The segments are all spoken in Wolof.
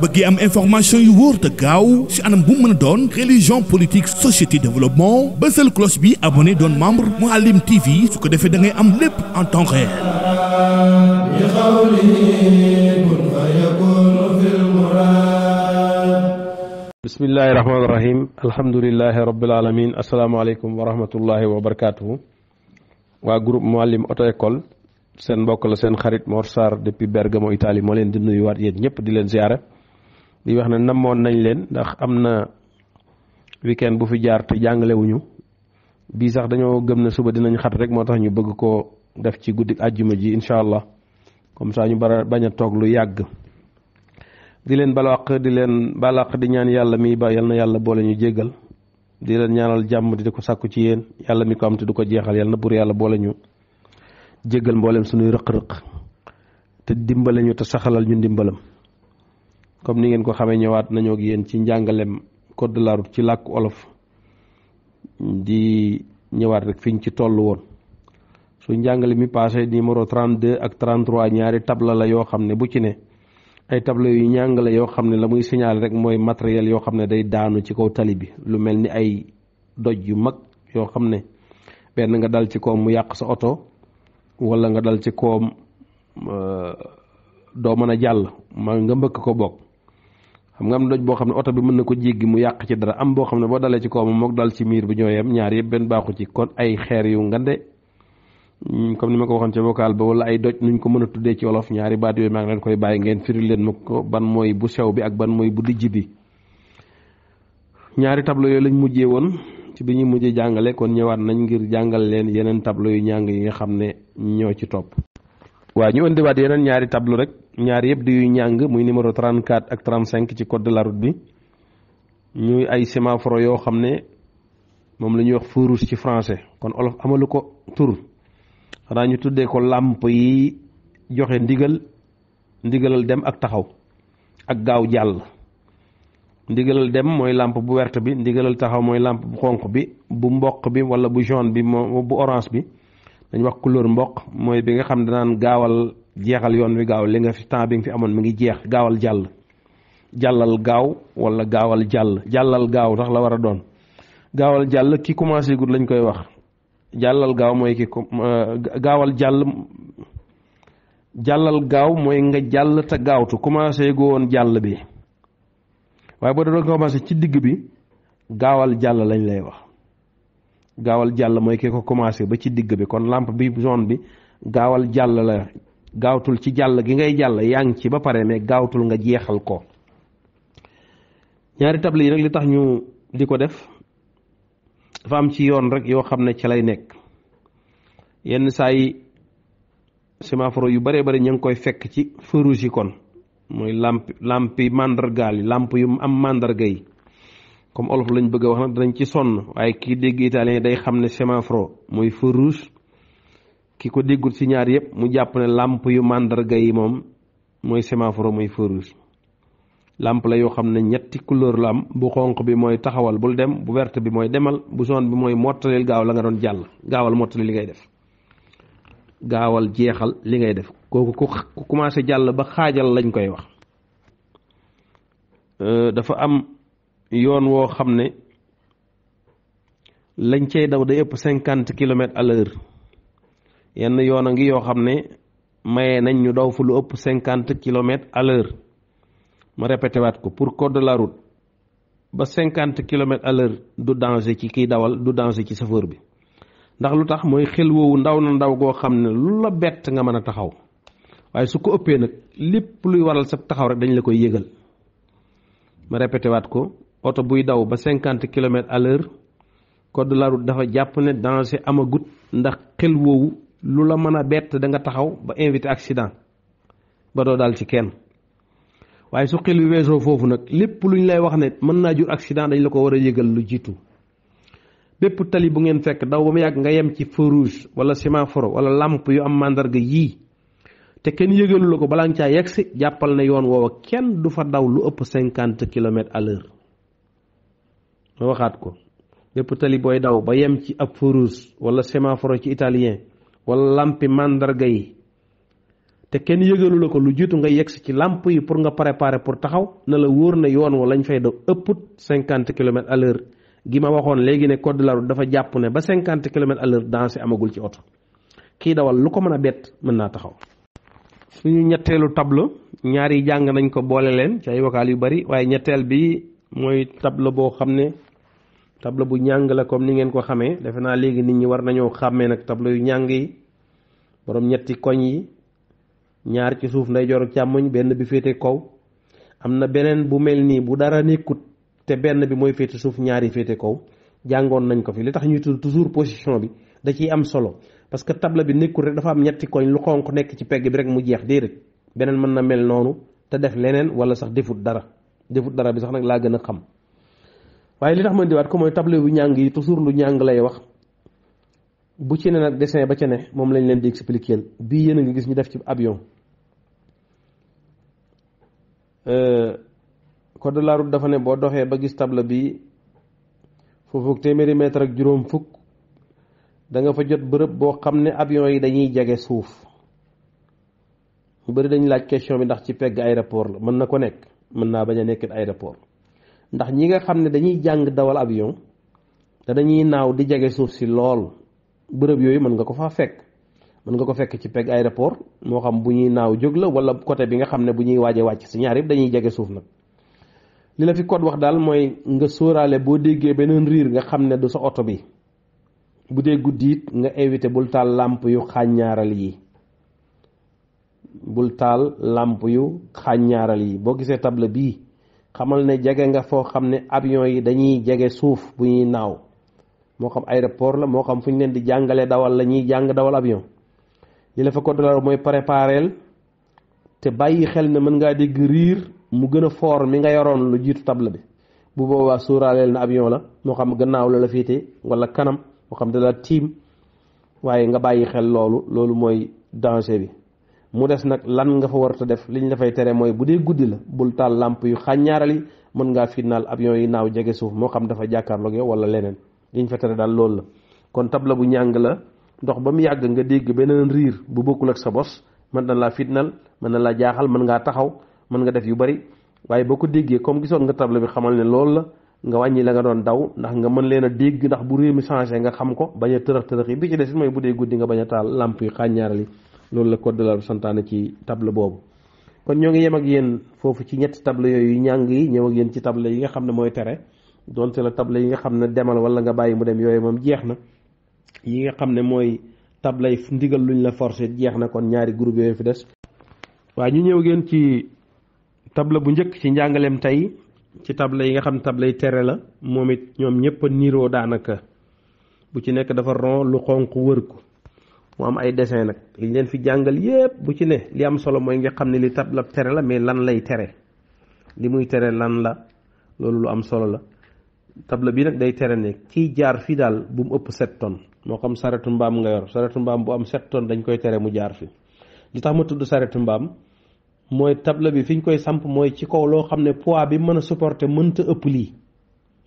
bëggee am information yu wóor te gaaw ci anam bu mën doon religion politique société développement bësal cloche bi abonné doon membre Mouhalim TV su ko defee da am lépp en temps réel. bismillahi rahmaani rahim alhamdulilahi rabbil alamin asalaamaaleykum wa rahmatullahi wa barakaatuhu waa groupe Mouhalim auto école. seen mbokk la seen xarit Mor deppi depuis Bergamo Italie moo leen di nuyuwaat yéen ñëpp di leen ziare di wax ne namoon nañ leen ndax am na weekend bu fi jaar te jàngalewuñu bii sax dañoo gëm ne suba dinañ xat rek moo tax ñu bëgg koo def ci guddi àjjuma ji incha allah comme ça ñu bara bañ a toog lu yàgg. di leen balaq di leen balaq di ñaan yàlla mi ba yal na yàlla boole ñu jéggal di leen ñaanal jàmm di ko sàkku ci yéen yàlla mi ko am te du ko jeexal yal na bur yàlla boole ñu. jéggal mbooleem suñuy rëq-rëq te dimbale ñu te saxalal ñu dimbalam comme ni ngeen ko xamee ñëwaat nañoo ak yéen ci njàngalem code de ci làkku olof di ñëwaat rek fiñ ci toll woon su njàngale mi passé numéro 32 ak 33 ñaari tabla la yoo xam ne bu ci ne ay table yu njàngale yoo xam ne la muy signalé rek mooy matériel yoo xam ne day daanu ci kaw tali bi lu mel ni ay doj yu mag yoo xam ne benn nga dal ci kaw mu yàq sa oto wala nga dal ci koom euh, doo mën a jàll ma nga mbëkk ko bokk xam nga am doj boo xam ne oto bi mën na ko jéggi mu yàq ci dara am boo xam ne boo dalee ci koom mook dal ci miir bi ñoo yem ñaar yëpp benn baaxu ci kon ay xeer yu ngande mm, comme ni ma ko waxoon ci vocal ba wala ay doj nuñ ko mën a tuddee ci wolof ñaari baat yooyu maa ngi leen koy bàyyi ngeen firi leen ma ko ban mooy bu sew bi ak ban mooy bu dijj bi ñaari tableau yooyu lañ mujjee woon ci bi ñuy mujjee jàngale kon ñëwaat nañ ngir jàngal leen yeneen tableau yu njàng yi nga xam ne ñoo ci topp. waaw ñu indiwaat yeneen ñaari tableau rek ñaar yëpp di yuy njàng muy numéro 34 ak 35 ci code de la bi ñuy ay sémaphore yoo xam ne moom la ñuy wax feu rouge ci français kon olof amalu ko tur xanaa ñu tuddee ko làmp yi joxe ndigal ndigalal dem ak taxaw ak gaaw jàll. ndigalal dem mooy làmp bu werte bi ndigalal taxaw mooy làmp bu xonq bi bu mboq bi wala bu jaune bi moo bu orange bi dañ wax couleur mboq mooy bi nga xam danaan gaawal jeexal yoon wi gaaw li nga fi temps bi nga fi amoon mi ngi jeex gaawal jàll jàllal gaaw wala gaawal jàll jàllal gaaw sax la war a doon gaawal jàll ki commencé gud lañ koy wax jàllal gaaw mooy ki euh, gaawal jàll jàllal gaaw mooy nga jàll te gaawtu commencé gu woon jàll bi waaye boo doon commencé ci digg bi gaawal jàll lañ lay wax gaawal jàll mooy kee ko commencé ba ci digg bi kon lampe bi sone bi gaawal jàll la gaawatul ci jàll gi ngay jàll yaa ngi ci ba pare mais gaawatul nga jeexal ko ñaari table yi nag li tax ñu di ko def dafa am ci yoon rek yoo xam ne ci lay nekk yenn saa yi sémaphore yu bare bare ñu ngi koy fekk ci feu rouge yi kon mooy làmp làmp yi màndargaal yi làmp yu am màndarga yi comme olof lañ bëgg a wax nag danañ ci sonn waaye kii dégg italien day xam ne semafro mooy feu rouge ki ko déggul ci ñaar yëpp mu jàpp ne làmp yu màndarga yi moom mooy semafro mooy feu rouge làmp la yoo xam ne ñetti couleur la am bu xonq bi mooy taxawal bul dem bu verte bi mooy demal bu jaune bi mooy mottaleel gaaw la nga doon jàll gaawal mottaleel li ngay def gaawal jeexal li ngay def kooku ku commencé jàll ba xaajal lañ koy wax euh, dafa am yoon woo xam ne lañ cey daw day ëpp cinquante kilomètres à yenn yoon a ngi yoo xam ne maye nañ ñu daw fu lu ëpp cinquante kilomètres à ma répété waat ko pour code de la ba cinquante kilomètres à du danger ci kiy dawal du danger ci chauffeur bi ndax lu tax mooy xel woowu ndaw na ndaw goo xam ne lu la bett nga mën a taxaw waaye su ko ëppee nag lépp luy waral sab taxaw rek dañ la koy yëgal ma répété waat ko oto buy daw ba cinquante kilomètres à l'heure code de la dafa jàpp ne danger amagut ndax xel woowu lu la mën a bett da nga taxaw ba invité accident ba doo daal ci kenn waaye su xel wi weesoo foofu nag lépp lu lay wax ne mën naa jur accident dañ la ko war a yëgal lu jiitu bépp tali bu ngeen fekk daw ba mu yàgg nga yem ci feu rouge wala sémaphore wala lampe yu am mandarga yii te kenn yëgalu ko balaa nga caa yegsi jàppal na yoon woowa kenn du fa daw lu ëpp cinquante kilomètres à l'heure ma waxaat ko lépp tali daw ba yem ci ab feu rouge wala sémaphore ci italien wala lampi mandarga yi te kenn yëgalu la ko lu jiitu nga yegsi ci làmp yi pour nga préparer pour taxaw na la wóor ne yoon wa lañ fay daw ëpput cinquante kilomètres à l'heure gi ma waxoon léegi ne code de dafa jàpp ne ba cinquante kilomètres à l'heure dansé amagul ci oto kii dawal lu ko mën a bett mën naa taxaw suñu ñetteelu tableau ñaar yi jàng nañ ko boole leen ci ay vocal yu bari waaye ñetteel bi mooy tableau boo xam ne tableau bu ñàng la comme ni ngeen ko xamee defe naa léegi nit ñi war nañoo xàmmee nag tableau yu ñàng yi borom ñetti koñ yi ñaar ci suuf nday joor càmmoñ benn bi féete kaw am na beneen bu mel nii bu dara nekkut te benn bi mooy féete suuf ñaari féete kow jàngoon nañ ko fi li tax ñuy tu toujours position bi da ciy am solo parce que table bi nekkul rek dafa am ñetti koñ lu xonq nekk ci pegg bi rek mu jeex déedéet beneen mën na mel noonu te def leneen wala sax defut dara defut dara bi sax nag laa gën a xam waaye li tax ma indiwaat ko mooy table bu ñàng yi toujours lu ñàng lay wax bu ci ne nag dessin ba ca ne moom lañ leen di expliquer bii yéen a gis ñu def ci avion euh, code de la dafa ne boo doxee ba gis table bi foofu téeméeri mètre ak juróom fukk da nga fa jot bërëb boo xam ne avion yi dañuy jege suuf mu bëri dañu laaj question bi ndax ci pegg aéroport la mën na ko nekk mën naa bañ a nekk aéroport ndax ñi nga xam ne dañuy jàng dawal avion te dañuy naaw di jege suuf si lool bërëb yooyu mën nga ko faa fekk mën nga ko fekk ci pegg aéroport moo xam bu ñuy naaw jóg la wala côté bi nga xam ne bu ñuy waaje wàcc si ñaar yëpp dañuy jege suuf nag li la fi code wax daal mooy nga sóoraale boo déggee beneen riir nga xam ne du sa oto bi bu dee guddi nga éviter bul taal làmp yu xàññaaral yi bul taal làmp yu xàññaaral yi boo gisee table bii xamal ne jege nga foo xam ne avion yi dañuy jege suuf bu ñuy naaw moo xam aéroport la moo xam fu ñu leen di jàngale dawal la ñuy jàng dawal avion li la fa dollar mooy prépareel te bàyyi xel ne mën ngaa dégg riir mu gën a foor mi nga yoroon lu jiitu table bi bu boobaa sóoraaleel na avion la moo xam gannaaw la la féete wala kanam moo xam dalaa tiim waaye nga bàyyi xel loolu loolu mooy danger bi mu des nag lan nga fa war a warta def li ñu dafay tere mooy bu dee guddi la bul taal làmp yu xàññaaral yi mën ngaa fitnaal avion yi naaw jege suuf moo xam dafa jàkkaarloog yow wala leneen liñ fa tere daal loolu la kon table bu ñàng la ndox ba mu yàgg nga dégg beneen riir bu bokkul ak sa bos mën na laa fitnal mën na laa jaaxal mën ngaa taxaw mën nga def yu bari waaye boo ko déggee comme gisoon nga tabla bi xamal ne loolu la nga wàññi la nga doon daw ndax nga mën leen a dégg ndax bu réew mi changé nga xam ko bañ a tërëx tërëx yi bi ci des mooy bu dee guddi nga bañ a taal làmp yi xàññaaral yi loolu la code de santaane ci table boobu kon ñoo ngi yem ak yéen foofu ci ñetti table yooyu ñàng yi ñëw ak yéen ci table yi nga xam ne mooy tere donte la table yi nga xam ne demal wala nga mu dem yooyu moom jeex na yi nga xam ne mooy table yi ndigal luñ la forcé jeex na kon ñaari groupe fi des ñu ñëw ngeen ci table bu njëkk ci njàngaleem tey ci tabla yi nga xam tabla yi tere la moom it ñoom ñëpp a niroo daanaka bu ci nekk dafa ron lu xonq wër ko mu am ay dessin nag liñ leen fi jàngal yépp bu ci ne li am solo mooy nga xam ne li tabla tere la mais lan lay tere li muy tere lan la loolu lu am solo la tabla bi nag day tere ne kiy jaar fii daal bu mu ëpp sept tonnes moo xam saretu mbaam nga yor saretu mbaam bu am sept tonnes dañ koy tere mu jaar fii li tax ma tudd saretu mbaam mooy table bi fi ñu koy samp mooy ci kaw loo xam ne poids bi mën a supporter mënta ëpp lii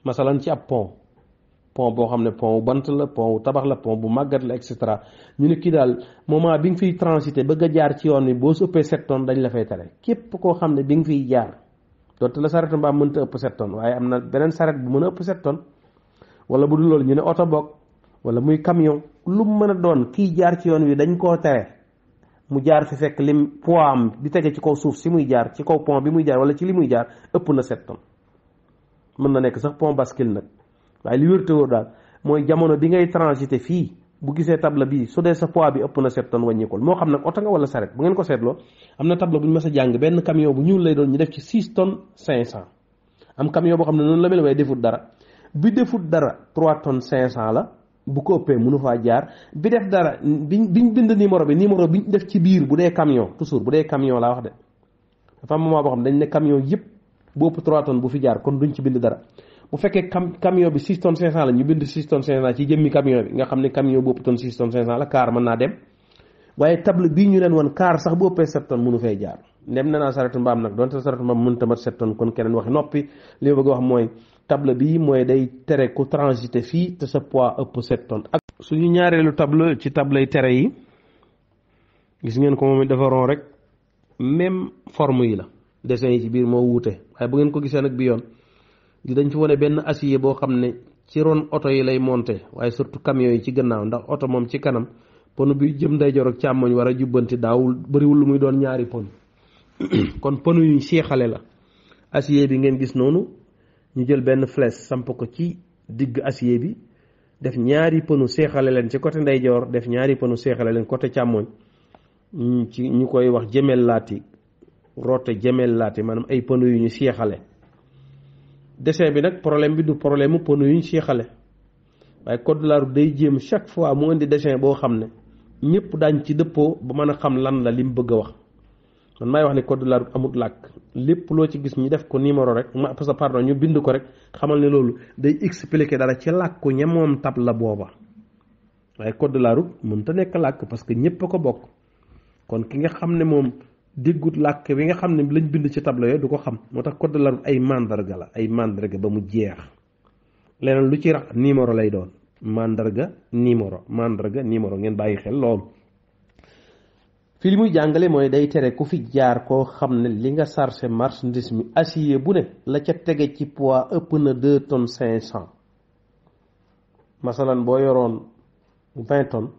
masalan ci ab pont pont boo xam ne pont wu bant la pont wu tabax la pont bu màggat la et cetera ñu ne kii daal moment bi nga fiy transité bëgg a jaar ci yoon wi boo ëppee 7 tonnes dañ la fay tere képp koo xam ne bi nga fiy jaar donte la saretu mbaam mënta ëpp 7 tonnes waaye am na beneen saret bu mën a ëpp 7 tonnes wala bu dul loolu ñu ne oto bokk wala muy camion lu mën a doon kiy jaar ci yoon wi dañ koo tere. mu jaar fi fekk lim poids am di tege ci kaw suuf si muy jaar ci kaw pont bi muy jaar wala ci li muy jaar ëpp na sept tonnes mën na nekk sax pont bascule nag waaye li wér daal mooy jamono bi ngay transiter fii bu gisee table bi su dee sa poids bi ëpp na sept tonnes wàññikul moo xam nag oto nga wala saret bu ngeen ko seetloo am na table bu ñu mës a jàng benn camion bu ñuul lay doon ñu def ci six tonnes cinq cent am camion boo xam ne noonu la mel waaye defut dara bi defut dara trois tonnes cinq cent la bu ko ëppee mënu faa jaar bi def dara biñ biñ bind numéro bi numéro biñ def ci biir bu dee camion toujours bu dee camion laa wax de dafa am moment boo xam dañ ne camion yëpp bopp 3 tonnes bu fi jaar kon duñ ci bind dara bu fekkee cam camion bi 6 tonnes 500 la ñu bind 6 tonnes 500 ci jëmmi camion bi nga xam ne camion bopp tonne 6 tonnes 500 la kaar mën naa dem waaye table bii ñu leen woon kaar sax bu ëppee 7 tonnes mënu fay jaar ndem na naa saretu mbaam nag donte saretu mbaam mënut table bi mooy day tere ku transité fii te sa poids ëpp sept tonnes ak suñu ñaareelu table ci table yi tere yi gis ngeen ko moom it dafa rek même forme yi la dessin yi ci biir moo wuute waaye bu ngeen ko gisee nag bi yoon di dañ fi wone benn acier boo xam ne ci ron oto yi lay monté waaye surtout camion yi ci gannaaw ndax oto moom ci kanam ponu bi jëm ndeyjoor ak càmmoñ war a jubbanti daawul bëriwul lu muy doon ñaari pon kon ponu yu seexale la acier bi ngeen gis noonu ñu jël benn flèche samp ko ci digg acier bi def ñaari pënu seexale leen ci côté ndeyjoor def ñaari pënu seexale leen côté càmmoñ ci ñu koy wax jëmel laati roote jemeel laati maanaam ay pënu yu ñu seexale dessin bi nag problème bi du problème mu pënu yu ñu seexale waaye code de la route day jéem chaque fois mu indi desin boo xam ne ñëpp daañ ci dëppoo ba mën a xam lan la li mu bëgg a wax man maay wax ne code de amut làkk lépp loo ci gis ñu def ko numéro rek ma parce que pardon ñu bind ko rek xamal ne loolu day expliquer dara ci làkku ña moom tab la booba waaye code de la route nekk làkk parce que ñépp a ko bokk kon ki nga xam ne moom déggut làkk bi nga xam ne lañ bind ci tableau yooyu du ko xam moo tax code de la ay màndarga la ay màndarga ba mu jeex leneen lu ci rax numéro lay doon màndarga numéro mandarga numéro ngeen bàyyi xel loolu fii li muy jàngale mooy day tere ku fi jaar koo xam ne li nga chargé marchandise mi acier bu ne la ca tege ci poids ëpp na deux tonnes cinq cent masalan boo yoroon vingt tonnes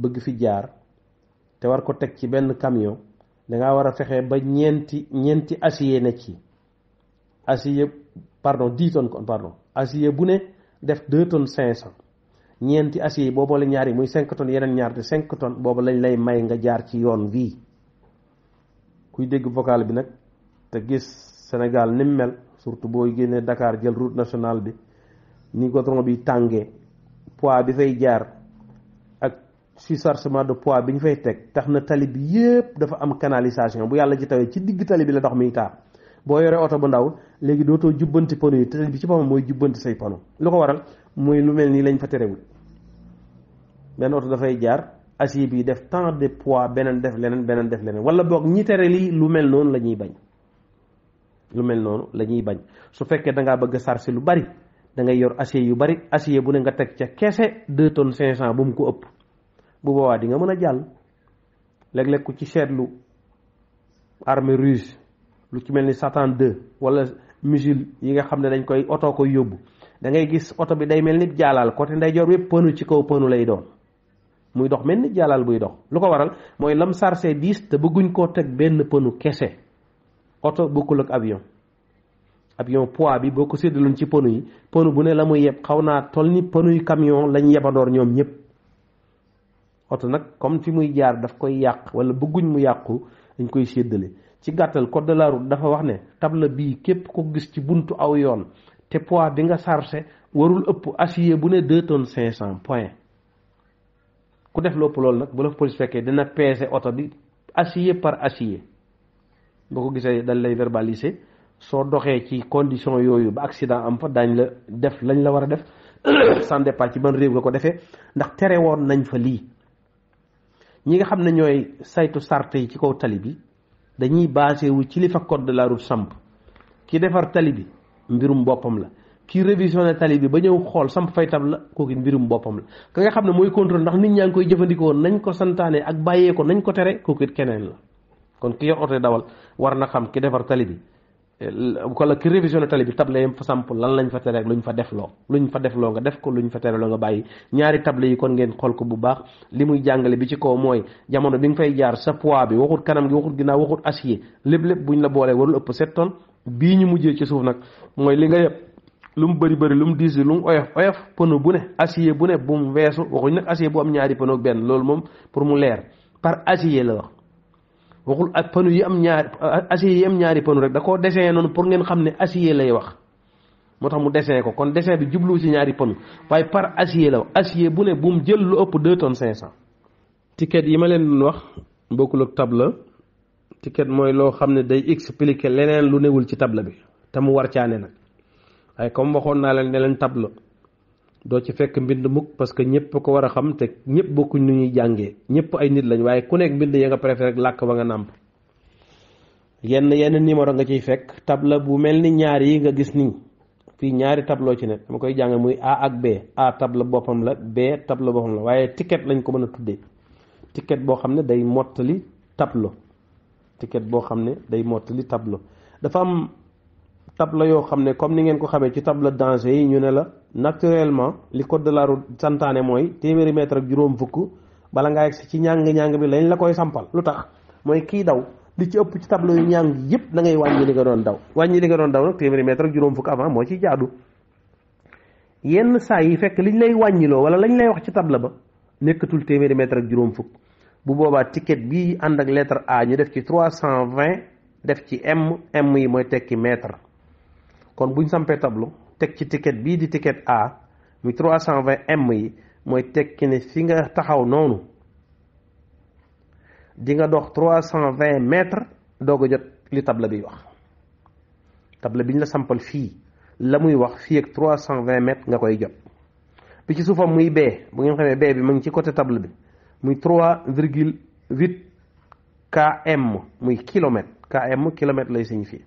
bëgg fi jaar te war ko teg ci benn camion danga war a fexe ba ñeenti ñeenti acier ne ci acier pardon di tonnes kon pardon acier bu ne def deux tonnes cinq cent ñeenti acier yi boo boole ñaar muy cinq ton yeneen ñaar te cinq tonnes boobu lañ lay may nga jaar ci yoon wii kuy dégg vocal bi nag te gis senegal ni mu mel surtout booy génnee Dakar jël route nationale bi ni goudron bi tàngee pois bi fay jaar ak surchargement de pois bi ñu fay teg tax na tali bi yépp dafa am canalisation bu yàlla ci tawee ci digg tali bi la ndox miy taa boo yoree oto bu ndaw léegi dootoo jubbanti pano yi télé bi ci boppam mooy jubbanti say pano lu ko waral mooy lu mel nii lañ fa terewul benn oto dafay jaar assis bi def temps de poids beneen def leneen beneen def leneen wala boog ñi tere lii lu mel noonu la ñuy bañ lu mel noonu la ñuy bañ su fekkee da ngaa bëgg a lu bari dangay yor acier yu bari acier bu ne nga teg ca keese deux tonnes cinq cent bu mu ko ëpp bu boobaa di nga mën a jàll léeg-léeg ci seetlu armée russe lu ci mel ni satan 2 wala missile yi nga xam ne dañ koy oto ko yóbbu da ngay gis oto bi day mel ni jaalaal côté ndeyjoor yëpp pënu ci kaw pënu lay doon muy dox mel ni jaalaal buy dox lu ko waral mooy lam sarse diis te bëgguñ koo teg benn pënu kese oto bokkul ak avion avion poids bi boo ko séddaloon ci pënu yi pënu bu ne la mu yeb xaw naa toll ni pënuy camion lañ yebandoor ñoom ñëpp oto nag comme fi muy jaar daf koy yàq wala bëgguñ mu yàqu dañ koy séddale ci gàttal code de la route dafa wax ne table bii képp ko gis ci buntu aw yoon te pois bi nga chargé warul ëpp acier bu ne deux tonnes cinq cent point ku def lopp loolu nag bu la police fekkee dina peese oto bi acier par acier boo ko gisee dañ lay verbaliser soo doxee ci condition yooyu ba accident am fa dañ la def lañ la war a def sans départ ci ban réew nga ko defee ndax tere woon nañ fa lii ñi nga xam ne ñooy saytu sart yi ci kaw tali bi dañuy basé wu ci li fa code de la route samp ki defar tali bi mbirum boppam la ki révisionné tali bi ba ñëw xool samp fay tab la kooku mbirum boppam la ka nga xam ne mooy contrôle ndax nit ñaa ngi koy jëfandikoo nañ ko santaane ak bàyyeeko nañ ko tere kooku it keneen la kon ki yor oto dawal war na xam ki defar tali bi wala ki révision tali bi table yam fa samp lan lañ fa tere ak luñ fa def loo luñ fa def loo nga def ko luñ fa tere loo nga bàyyi ñaari table yi kon ngeen xool ko bu baax li muy jàngale bi ci kaw mooy jamono bi nga fay jaar sa poids bi waxut kanam gi waxut ginnaaw waxut acier lépp lépp buñ la boolee warul ëpp sept ton bii ñu mujjee ci suuf nag mooy li nga yëpp lu mu bëri bëri lu mu diis lu mu oyof oyof pneu bu ne acier bu ne bu mu weesu waxuñ nag acier bu ñaari pneu benn loolu moom pour mu leer par acier la wax waxul ak panu yi am ñaari acier yi am ñaari panu rek da koo dessin noonu pour ngeen xam ne acier lay wax moo tax mu dessin ko kon dessin bi jubluwu ci ñaari panu waaye par acier la acier bu ne bu mu jël lu ëpp deux tonnes cinq cent ticket yi ma leen doon wax bokkul ak table ticket mooy loo xam ne day expliquer leneen lu newul ci table bi te mu war caane nag waaye comme waxoon naa leen ne leen table doo ci fekk mbind mukk parce que ñëpp ko war a xam te ñëpp bokkuñ nu ñuy jàngee ñëpp ay nit lañ waaye ku nekk mbind ya nga préféré làkk ba nga nàmp yenn yenn numéro nga ciy fekk tabla bu mel ni ñaar yi nga gis nii fii ñaari tableau ci ne dama koy jàng muy A ak B A tabla boppam la B tabla boppam la waaye ticket lañ ko mën a tuddee ticket boo xam ne day mottali tableau ticket boo xam ne day mottali tableau dafa am tableau yoo xam ne comme ni ngeen ko xamee ci tableau danger yi ñu ne la. naturellement li code de la route santaane mooy téeméeri mètre ak juróom fukk bala nga yegsi ci ñàng-ñàng bi lañ la koy sampal lu tax mooy kii daw li ci ëpp ci tableau yu ñàng yëpp da ngay wàññi li nga doon daw wàññi li nga doon daw nag téeméeri mètre ak juróom fukk avant moo ciy jaadu yenn saa yi fekk liñ lay wàññiloo wala lañ lay wax ci tableau ba nekkatul téeméeri mètre ak juróom fukk bu boobaa ticket bii ànd ak lettre A ñu def ci trois cent vingt def ci M M yi mooy tekki mètre kon buñ sampee tableau teg ci ticket bii di ticket A muy 320 m yi mooy tekki ne fi nga taxaw noonu di nga dox 320 mètres doog a jot li table bi wax table bi ñu la sampal fii la muy wax fii ak 320 mètres nga koy jot bi ci suufam muy B bu ngeen xamee B bi mu ngi ci côté table bi muy 3 virgule 8 km muy kilomètre km kilomètre lay signifié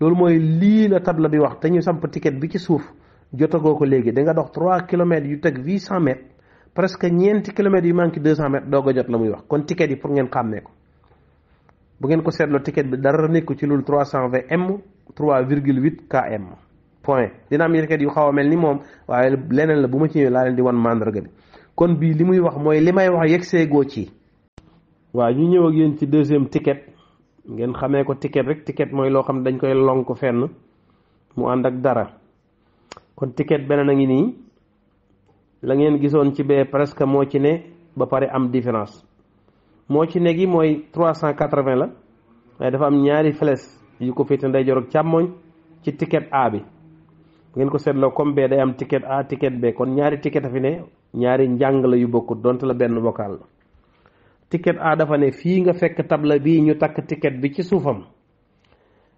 loolu mooy lii la tabla bi wax te ñu samp ticket bi ci suuf jotagoo ko léegi da nga dox 3 kilomètres yu teg 800 mètres presque ñeenti kilomètres yu manqué 200 mètres doog a jot la muy wax kon ticket yi pour ngeen xàmmee ko bu ngeen ko seetloo ticket bi dara nekku ci loolu 320 m 3 virgule 8 km point dina am ticket yu xaw a mel ni moom waaye leneen la bu ma ci ñëwee laa leen di wan mandarga bi kon bii li muy wax mooy li may wax yegg seegoo ci. waaw ñu ñëw ak yéen ci deuxième ticket. ngeen xamee ko ticket rek ticket mooy loo xam ne dañ koy lonk fenn mu ànd ak dara kon ticket beneen a ngi nii la ngeen gisoon ci bee presque moo ci ne ba pare am différence moo ci ne gi mooy trois cent quatre-vingts la waaye dafa am ñaari flèche yu ko féete ndeyjoor ak càmmoñ ci ticket A bi ngeen ko seetloo comme bee day am ticket A ticket B kon ñaari ticket a fi ne ñaari njàng la yu bokkut donte la benn vocal la ticket A dafa ne fii nga fekk tabla bii ñu takk ticket bi ci suufam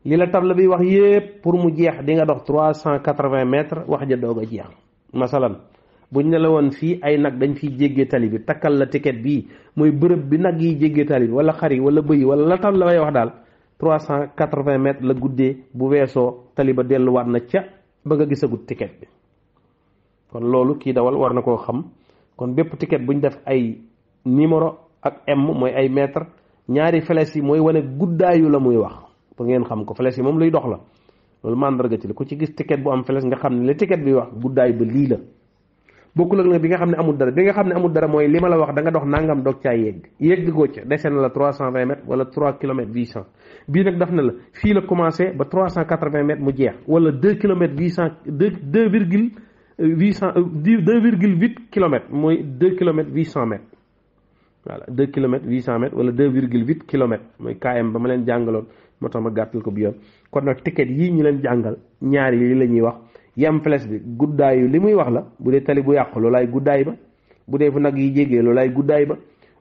li la tabla bi wax yépp pour mu jeex di nga dox trois cent quatre-vingts mètres wax ja doog a jeex masalan buñ ne la woon fii ay nag dañ fiy jéggee tali bi takkal la ticket bi mooy bërëb bi nag yi jéggee tali bi wala xar wala bëy yi la tabla bay wax daal trois cent quatre-vingts mètres la guddee bu weesoo tali ba delluwaat na ca ba nga gisagut ticket bi kon loolu kii dawal war na koo xam kon bépp ticket ak m mooy ay mètre ñaari flèche yi mooy wane guddaayu la muy wax pour ngeen xam ko flèche yi moom luy dox la loolu mandarga ci la ku ci gis ticket bu am flèche nga xam ne la ticket bi wax guddaay ba lii la bokkul ak nag bi nga xam ne amul dara bi nga xam ne amul dara mooy li ma la wax danga dox nangam doog caa yegg yegg goo ca dese na la trois cent vingt mètres wala trois kilomètres huit cent bii nag daf na la fii la commencé ba trois cent quatre vingt mètres mu jeex wala deux kilomètres cent deux deux virgule huit cent euh, deux virgule huit kilomètres mooy deux kilomètres huit cent waa deux kilomètres huit cent mètres wala deux virgule huit kilomètres mooy KM ba ma ma gàttal ko bi yoon kon nag ticket yii ñu leen jàngal ñaar yi la ñuy wax yem bi guddaayu li muy wax la bu dee tali bu yàqu guddaay ba bu dee fu nag yi jégee loolaay guddaay ba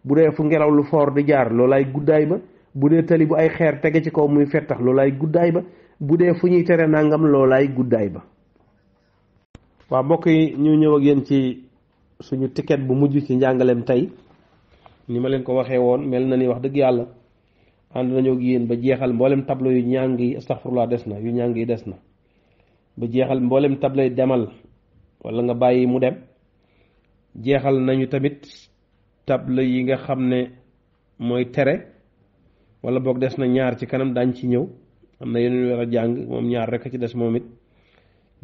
bu dee fu ngelaw lu foor di jaar loolaay guddaay ba bu dee tali bu ay xeer tege ci kaw muy fettax loolaay guddaay ba bu dee fu ñuy tere nangam loolaay guddaay ba waaw mbokk yi ñu ñëw ak yéen ci suñu ticket bu mujj ci njàngaleem tey ni ma leen ko waxee woon mel na ni wax dëgg yàlla ànd nañoo ak yéen ba jeexal mbooleem table yu ñàng yi astaghfirullah des na yu ñàng yi des na ba jeexal mboolem tableau yi demal wala nga bàyyi mu dem jeexal nañu tamit table yi nga xam ne mooy tere wala boog des na ñaar ci kanam daañ ci ñëw am na yeneen yu war jàng moom ñaar rek a ci des moom it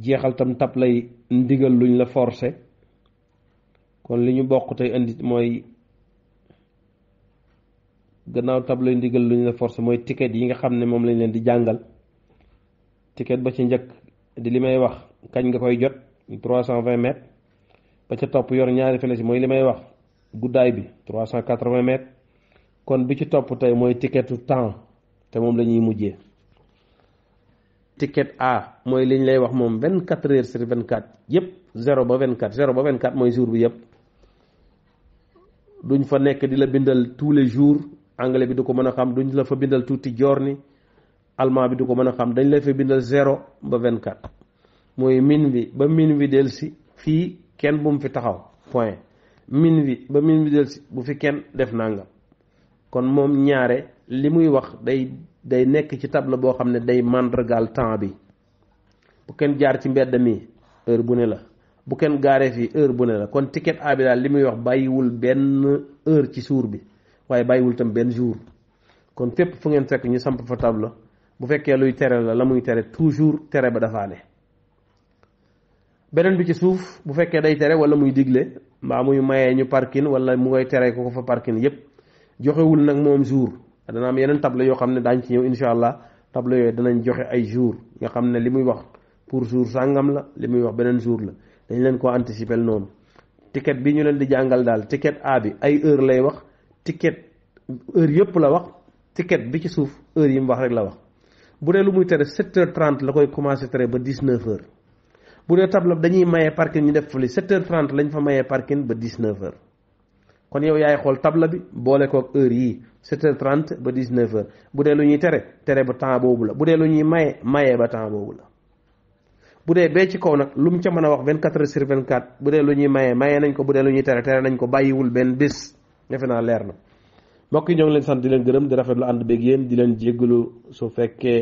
jeexal tam table yi ndigal luñ la forcé kon li ñu bokk tey indi mooy gannaaw tableau ndigal lu ñu la force mooy ticket yi nga xam ne moom lañ leen di jàngal ticket ba ci njëkk di li may wax kañ nga koy jot trois cent vingt mètres ba ca topp yor ñaari fenesi mooy li may wax guddaay bi trois cent quatre-vingts mètres kon bi ci topp tey mooy ticketu temps te moom la ñuy mujjee ticket A mooy li liñ lay wax moom vingt quatre heures sur vingt quatre yëpp zéro ba vingt quatre zéro ba vingt quatre mooy jour bi yëpp duñ fa nekk di la bindal tous les jours anglais bi du ko mën a xam duñ la fa bindal tuuti joor ni allemand bi du ko mën a xam dañ la fa bindal zéro ba vingt quatre mooy min bi ba min bi del si fii kenn bu mu fi taxaw point min bi ba min bi bu fi kenn def nanga kon moom ñaare li muy wax day day nekk ci table boo xam ne day màndargaal temps bi bu kenn jaar ci mbedd mi heure bu ne la bu kenn gaaree fii heure bu ne la kon ticket A bi li muy wax bàyyiwul benn heure ci suur bi waaye bàyyiwul tam benn jour kon fépp fu ngeen fekk ñu samp fa tabla bu fekkee luy tere la la muy tere toujours tere ba dafa ne beneen bi ci suuf bu fekkee day tere wala muy digle mbaa muy mayee ñu parkin wala mu koy tere ko ko fa parkin yépp joxewul nag moom jour dana am yeneen tabla yoo xam ne daañ ci ñëw incha allah tabla yooyu danañ joxe ay jour nga xam ne li muy wax pour jour sàngam la li muy wax beneen jour la dañ leen koo anticiper noonu ticket bi ñu leen di jàngal daal ticket A bi ay heure lay wax ticket heure yëpp la wax ticket bi ci suuf heure yi mu wax rek la wax bu dee lu muy tere 7 heures 30 la koy commencé tere ba 19 heures bu dee tableau dañuy maye parking ñu def fële 7 heures 30 lañ fa maye parking ba 19 kon yow yaay xool tableau bi boole koog heure yi 7 heures 30 ba 19 bu dee lu ñuy tere tere ba temps boobu la bu dee lu ñuy maye maye ba temps boobu la. bu dee bee ci kaw nag lu mu ca mën a wax bu dee defe naa leer na mbokk yi ñoo ngi leen sant di leen gërëm di rafet lu ànd beeg yéen di leen jéggalu su fekkee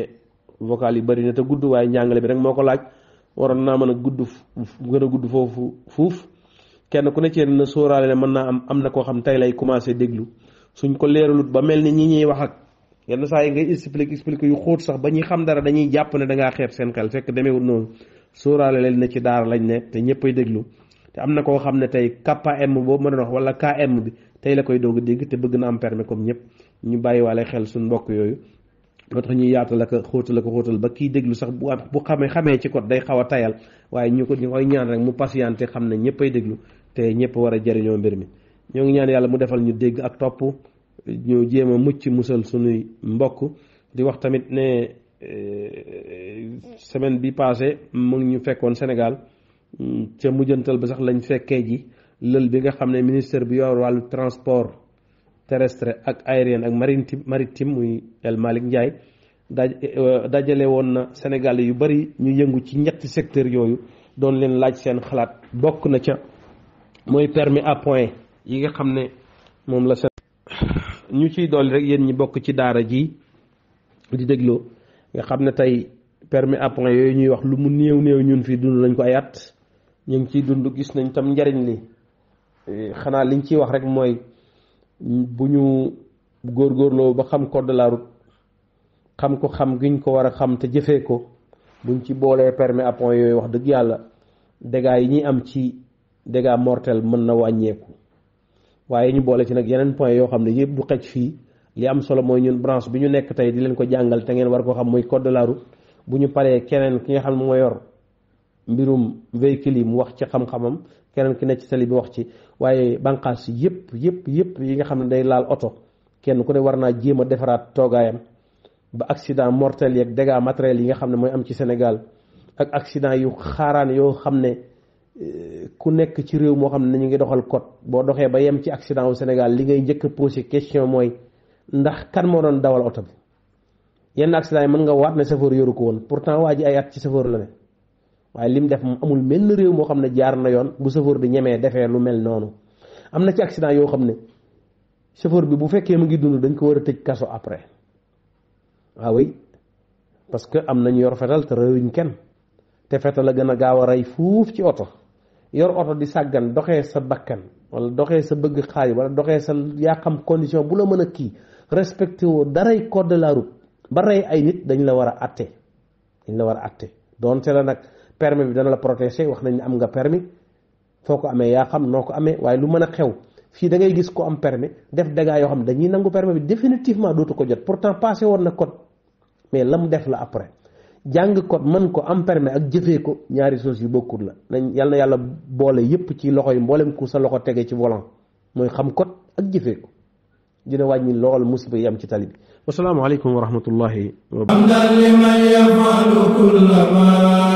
vocal yi bari na te gudd waaye njàngale bi rek moo ko laaj waroon naa mën a gudd fu gën a gudd foofu fuuf kenn ku ne ci yéen na sóoraale mën naa am am na koo xam tey lay commencé déglu suñ ko leeralut ba mel ni ñi ñuy wax ak yenn saa yi ngay expliqué expliqué yu xóot sax ba ñuy xam dara dañuy jàpp ne dangaa xeeb seen xel fekk demeewul noonu sóoraale leen ne ci daara lañ ne te ñëppay déglu te am na koo xam ne tey KM boobu ma doon wax wala KM bi tey la koy doog a dégg te bëgg na am permis comme ñëpp ñu bàyyiwaale xel suñ mbokk yooyu moo tax ñu yaatal ak xóotal ak xóotal ba kiy déglu sax bu am bu xamee xamee ci ko day xaw a tayal waaye ñu ko ñu koy ñaan rek mu patienté xam ne ñëppay déglu te ñëpp war a jariñoo mbir mi ñoo ngi ñaan yàlla mu defal ñu dégg ak topp ñu jéem a mucc musal suñuy mbokk di wax tamit ne euh, semaine bi passé mu ñu fekkoon Sénégal Hmm, ca mujjantal ba sax lañ fekkee ji lël bi nga xam ne ministère bi yor wàllu transport terrestre ak aérien ak maritime maritime muy El Malick daj euh, dajale woon na Sénégal yu bari ñu yëngu ci ñetti secteur yooyu doon leen laaj seen xalaat bokk na ca mooy permi à yi nga xam ne moom la seen ñu ciy dolli rek yéen ñi bokk ci daara ji di dégloo nga xam ne tey permis à yooyu ñuy wax lu mu néew néew ñun fii dund nañ ko ay ñu ngi ciy dund gis nañ tam njariñ li eh, xanaa liñ ciy wax rek mooy bu ñu góor góorgóorloo ba xam code de la xam ko xam giñ ko war a xam te jëfee ko ñu ci boolee permis à point yooyu wax dëgg yàlla dégâts yi ñuy am ci dégâts mortels mën na wàññeeku waaye ñu boole ci nag yeneen point yoo xam ne yëpp du xej fii li am solo mooy ñun branche bi ñu nekk tey di leen ko jàngal te ngeen war ko xam muy code de la bu ñu paree keneen ki nga xam ne moo yor mbirum véhicule yi mu wax ci xam-xamam keneen ki nekk ci tali bi wax ci waaye bànqaas yëpp yëpp yëpp yi nga xam ne day laal oto kenn ku ne war naa jéem a defaraat toogaayam ba accident mortel yeeg dégâts matériels yi nga xam ne mooy am ci Sénégal ak accident yu xaaraan yoo xam ne euh, ku nekk ci réew moo xam ne ñu ngi doxal code boo doxee ba yem ci accident wu Sénégal li ngay njëkk a posé question mooy ndax kan moo doon dawal oto bi yenn accident yi mën nga waat ne chauffeur yoru ko woon pourtant waa ji ay ci chauffeur la ne. waaye lim def moom amul benn réew moo xam ne jaar na yoon bu chauffeur bi ñemee defee lu mel noonu am na ci accident yoo xam ne chauffeur bi bu fekkee mu ngi dund dañ ko war a tëj kaso après waaw ah parce que am nañu yor fetal te rëyuñ kenn te fetal a gën a gaaw a rey fuuf ci oto yor oto di sàggan doxee sa bakkan wala doxe sa bëgg xaay wala doxe sa yaa xam condition bu la mën a kii respecté woo daray code de la route ba rey ay nit dañ la war a atte dañ la war a atte doonte la nag permis bi dana la protéger wax nañ ne am nga permis foo ko amee yaa xam noo ko amee waaye lu mën a xew fii da ngay gis ko am permis def dégâts yoo xam dañuy nangu permis bi définitivement dootu ko jot pourtant passé woon na code mais la mu def la après jàng code mën ko am permis ak jëfee ko ñaari choses yu bokkut la nañ yal na yàlla boole yépp ci loxo yi mbooleem ku sa loxo tegee ci volant mooy xam code ak jëfee ko dina wàññi lool musiba yi am ci tali bi wassalaamu wa rahmatullahi wa barakaatuh